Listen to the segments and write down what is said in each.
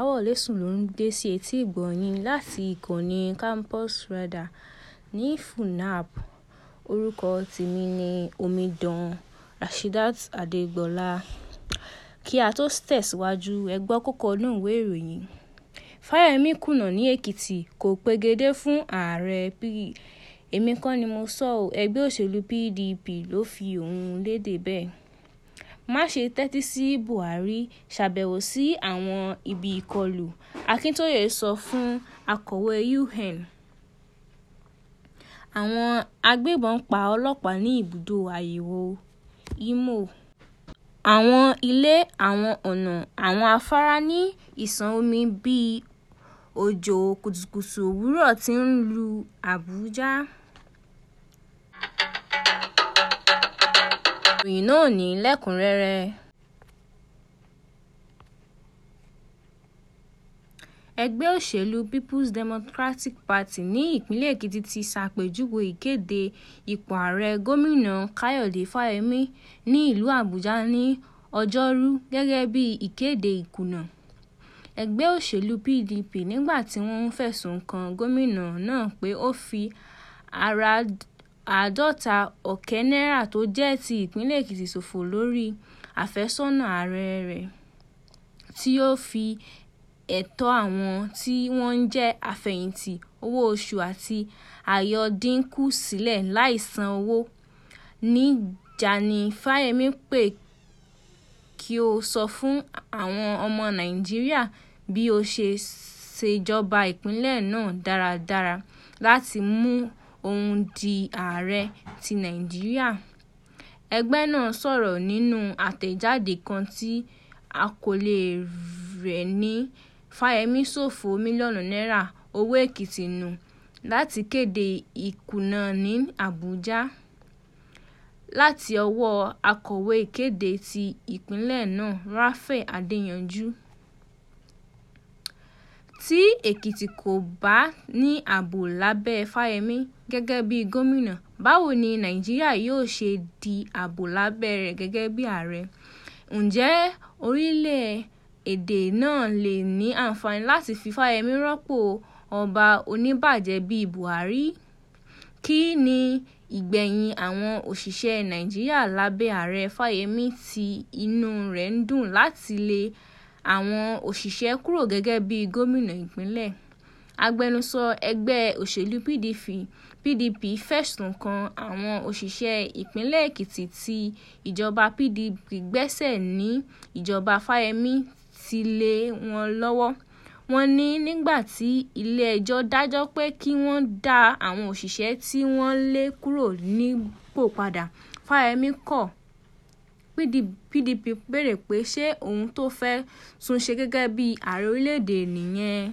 Ìdáwọ́lé Sùn ló ń dé sí etígbọ̀ọ́ yín láti ìkànnì Campus Radar ní FUNAab, orúkọ tèmi ni Omidan Rasheedat Adégbọlá. Kí a tó tẹ̀síwájú, ẹ gbọ́ kókó inú ìwé ìròyìn. Fáyẹ̀mí kùnà ní Èkìtì, kò pegedé fún ààrẹ Èmi kọ́ ni mo sọ ọ́, ẹgbẹ́ òṣèlú PDP ló fi òun lédè bẹ́ẹ̀ má ṣe tẹ́tí sí buhari ṣàbẹ̀wò sí àwọn ibi ìkọlù akintóye sọ fún akọ̀wé un àwọn agbébọn pa ọlọ́pàá ní ibùdó àyẹ̀wò ìmọ̀ àwọn ilé àwọn ọ̀nà àwọn afárá ní ìsàn omi bíi òjò kùtùkùtù òwúrọ̀ ti ń lu àbújá ìròyìn náà ní lẹ́kùn-únrẹ́rẹ́ ẹgbẹ́ òṣèlú peoples democratic party ní ìpínlẹ̀ èkìtì ti ṣàpèjúwe ìkéde ipò ààrẹ gómìnà káyọ̀dé fáyemí ní ìlú àbújá ní ọjọ́rú gẹ́gẹ́ bíi ìkéde ìkùnà ẹgbẹ́ òṣèlú pdp nígbà tí wọ́n ń fẹ̀sùn kan gómìnà náà pé ó fi ara àádọ́ta ọ̀kẹ́ náírà tó jẹ́ ti ìpínlẹ̀ Èkìtì ṣòfò lórí àfẹ́sọ́nà ààrẹ rẹ̀ tí ó fi ẹ̀tọ́ àwọn tí wọ́n jẹ́ afẹ̀yìntì owó oṣù àti àyọdínkù sílẹ̀ láì san owó ní Jáàní Fáyemí pé kí ó sọ fún àwọn ọmọ Nàìjíríà bí ó ṣe ṣèjọba ìpínlẹ̀ náà dáradára láti mú òun di ààrẹ ti nàìjíríà ẹgbẹ́ náà sọ̀rọ̀ nínú àtẹ̀jáde kan tí àkọlé rẹ̀ ní fáyemí ṣòfò mílíọ̀nù náírà owó èkìtì nù láti kéde ìkùnà ní àbújá láti ọwọ́ akọ̀wé ìkéde ti ìpínlẹ̀ náà raphael adéyanjú tí èkìtì kò bá ní ààbò lábẹ́ fáyemí gẹ́gẹ́ bíi gómìnà báwo ni nàìjíríà yóò ṣe di ààbò lábẹ́ rẹ̀ gẹ́gẹ́ bíi ààrẹ ǹjẹ́ orílẹ̀ èdè náà lè ní àǹfààní láti fi fáyemí rọ́pò ọba oníbàjẹ́ bíi buhari kí ni ìgbẹ̀yìn àwọn òṣìṣẹ́ nàìjíríà lábẹ́ ààrẹ fáyemí tí inú rẹ̀ ń dùn láti lè àwọn òṣìṣẹ́ kúrò gẹ́gẹ́ bíi gómìnà ìpínlẹ̀ agbẹnusọ ẹgbẹ́ òṣèlú pdp pdp fẹ̀sùn kan àwọn òṣìṣẹ́ ìpínlẹ̀ èkìtì ti ìjọba pdp gbéṣẹ́ ní ìjọba fáyemí ti lé wọn lọ́wọ́ wọn ní nígbà tí ilé-ẹjọ́ dájọ́ pé kí wọ́n dá àwọn òṣìṣẹ́ tí wọ́n lé kúrò nípò padà fáyemí kọ̀ pdp béèrè pé ṣé ohun tó fẹ́ẹ́ tún ṣe gẹ́gẹ́ bíi ààrẹ orílẹ̀-èdè nìyẹn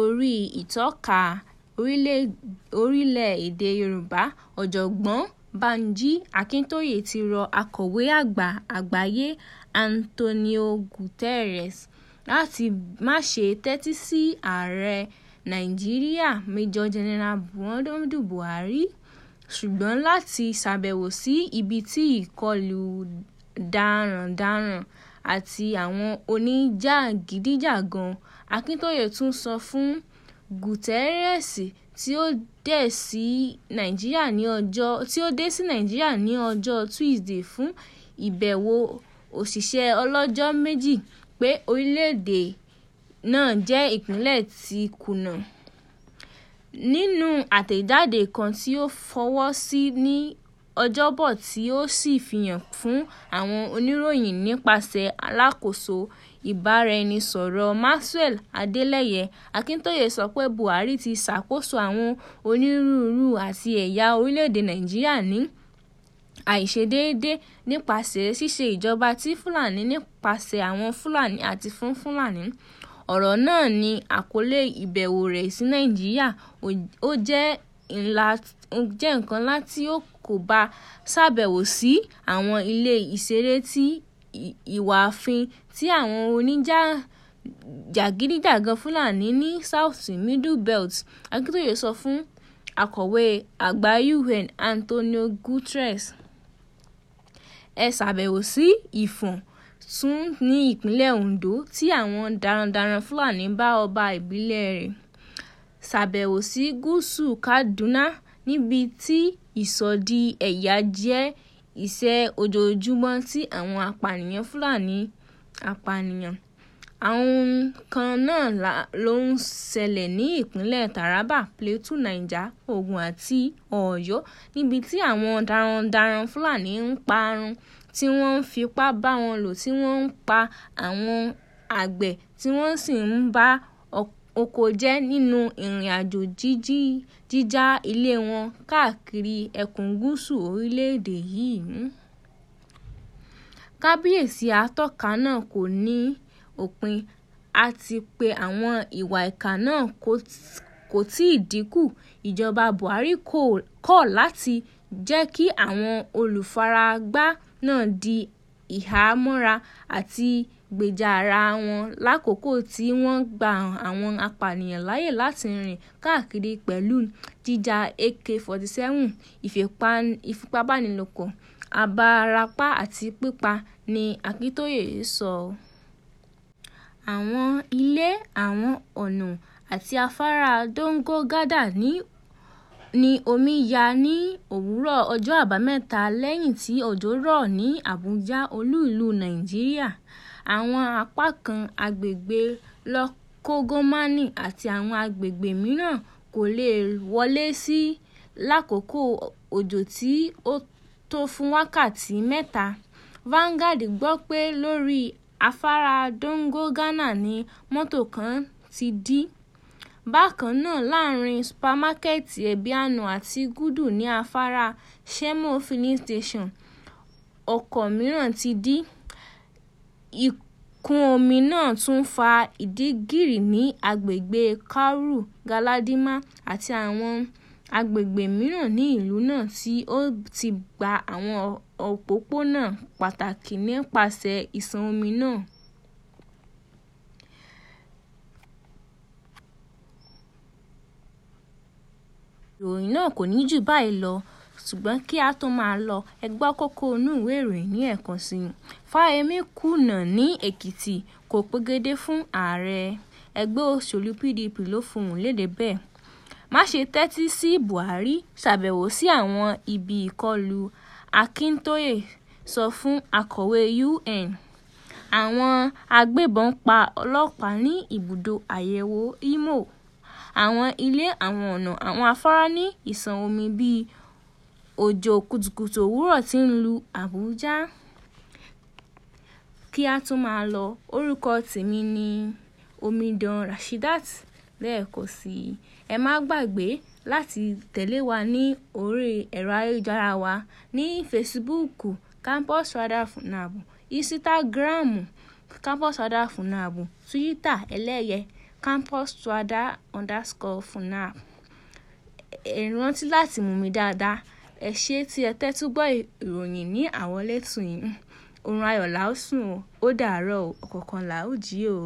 orí ìtọ́ka orílẹ̀-èdè yorùbá ọ̀jọ̀gbọ́n banji akintóye ti rọ akọ̀wé àgbà àgbáyé antonio guterres láti má ṣe tẹ́tí sí ààrẹ nàìjíríà major general muhammadu buhari ṣùgbọ́n láti ṣàbẹ̀wò sí ibi tí ìkọlù darandaran àti àwọn oníjàgídíjàgan, Akintóyè tún sọ fún Guterres tí ó dé sí Nàìjíríà ní ọjọ́ Tuesday fún ìbẹ̀wò òṣìṣẹ́ ọlọ́jọ́ méjì pé orílẹ̀-èdè náà jẹ́ ìpínlẹ̀ tí kùnà nínú àtẹ̀jáde kan tí ó fọwọ́ sí ní Ọjọ́bọ̀ tí ó sì fihàn fún àwọn oníròyìn nípasẹ̀ alákòóso ìbáraẹnisọ̀rọ̀ Maxwell Adeleye, Akintoye sọ pé Buhari ti ṣàkóso àwọn onírúurú àti ẹ̀yà orílẹ̀-èdè Nàìjíríà ní àìṣedéédé nípasẹ̀ ṣíṣe ìjọba ti Fúlàní nípasẹ̀ àwọn Fúlàní àti fún Fúlàní. Ọ̀rọ̀ náà ní àkọ́lé ìbẹ̀wò rẹ̀ sí Nàìjíríà ó jẹ́ nǹkan láti ó kò bá ṣàbẹ̀wò sí àwọn ilé ìṣeré tí ìwáàfin tí àwọn oníjàgídíjàgan Fúlàní ní South Middle Belt, Akintóyè sọ fún Akọ̀wé Àgbà UN António Guterres. Ẹ ṣàbẹ̀wò sí Ìfọ̀n tún ní ìpínlẹ̀ Ondo tí àwọn darandaran Fúlàní bá ọba ìbílẹ̀ rẹ̀ ṣàbẹ̀wò sí gúúsù Kaduna níbi tí ìsọdí-ẹ̀yà jẹ́ iṣẹ́ ojoojúmọ́ tí àwọn apànìyàn Fúlàní apànìyàn. Àwọn kan náà ló ń ṣẹlẹ̀ ní ìpínlẹ̀ Taraba, Plateau, Niger, Ogun àti Ọ̀yọ́ níbi tí àwọn darandaran Fúlàní ń parun tí wọ́n ń fipá bá wọn lò tí wọ́n ń pa àwọn àgbẹ̀ tí wọ́n sì ń ba oko jẹ́ nínú ìrìnàjò jíjá ilẹ̀ wọn káàkiri ẹkùn gúúsù orílẹ̀-èdè yìí. Kábíyèsí atọ́ka náà kò ní òpin àti pé àwọn ìwà ìkà náà kò tíì dínkù, ìjọba Buhari kọ̀ láti jẹ́ kí àwọn olùfaragbá náà di ìhàmọ́ra àti gbèjà ara wọn lákòókò tí wọ́n ń gba àwọn apànìyàn láyè láti rìn káàkiri pẹ̀lú jíja AK-47, ìfipábánilòpọ̀, àbárapá àti pípa, ni Akintóyè sọ. Àwọn ilé, àwọn ọ̀nà àti afárá Donggala ní ni omi yá ní òwúrọ̀ ọjọ́ àbámẹ́ta lẹ́yìn tí òjò rọ̀ ní Àbújá, olú-ìlú Nàìjíríà. Àwọn apá kan agbègbè Lọ́kọ́gọ́màní àti àwọn agbègbè mìíràn kò lè wọlé sí lákòókò òjò tí ó tó fún wákàtí mẹ́ta. Vanguard gbọ́ pé lórí afárá Donggala ni mọ́tò kan ti dí Bákan náà láàrin Súpámákẹ́ẹ̀tì Ẹ̀bíànú àti Gúdù ní afárá Sèmó Filling Station, ọkọ̀ mìíràn ti dí. Ìkún-omi náà tún fa ìdígìrì ní agbègbè Cowra, Galadima àti àwọn agbègbè mìíràn ní ìlú náà tí ó ti gba àwọn òpópónà pàtàkì nípasẹ̀ ìṣàn omi náà. Ìròyìn náà kò ní jù báyìí lọ, ṣùgbọ́n kí á tó máa lọ, ẹ gbọ́ kókó inú ìwé ìròyìn ní ẹ̀kan síi: Fáyemí kùnà ní Èkìtì, kò pegedé fún ààrẹ, ẹgbẹ́ òṣèlú PDP ló fohùn lédè bẹ́ẹ̀ “Máṣe tẹ́tí sí Buhari, ṣàbẹ̀wò sí àwọn ibi ìkọlù”, Akintóyè sọ fún akọ̀wé UN. Àwọn agbébọn pa ọlọ́pàá ní ibùdó àyẹ̀wò Imo àwọn ilé, àwọn ọ̀nà, àwọn afárá ní ìṣàn omi bí i òjò kùtùkùtù òwúrọ̀ tí ń lu Àbújá. Kí á tó máa lọ, orúkọ tèmi ni Omidan Rasheedat lẹ́ẹ̀kan sí i. Ẹ má gbàgbé láti tẹ̀lé wa ní orí ẹ̀rọ ayélujára wa ní Facebook Campus Radar Funab, Instagram Campus Radar Funab, Twitter ẹlẹ́yẹ campus 1 underscore ẹ rántí láti mú mi dáadáa, ẹ ṣé tí ẹ tẹ́tí gbọ́ ìròyìn ní àwọlétò yín, oorun ayọ̀ la ó dàárọ̀ ọ̀kọ̀ọ̀kan la jí o.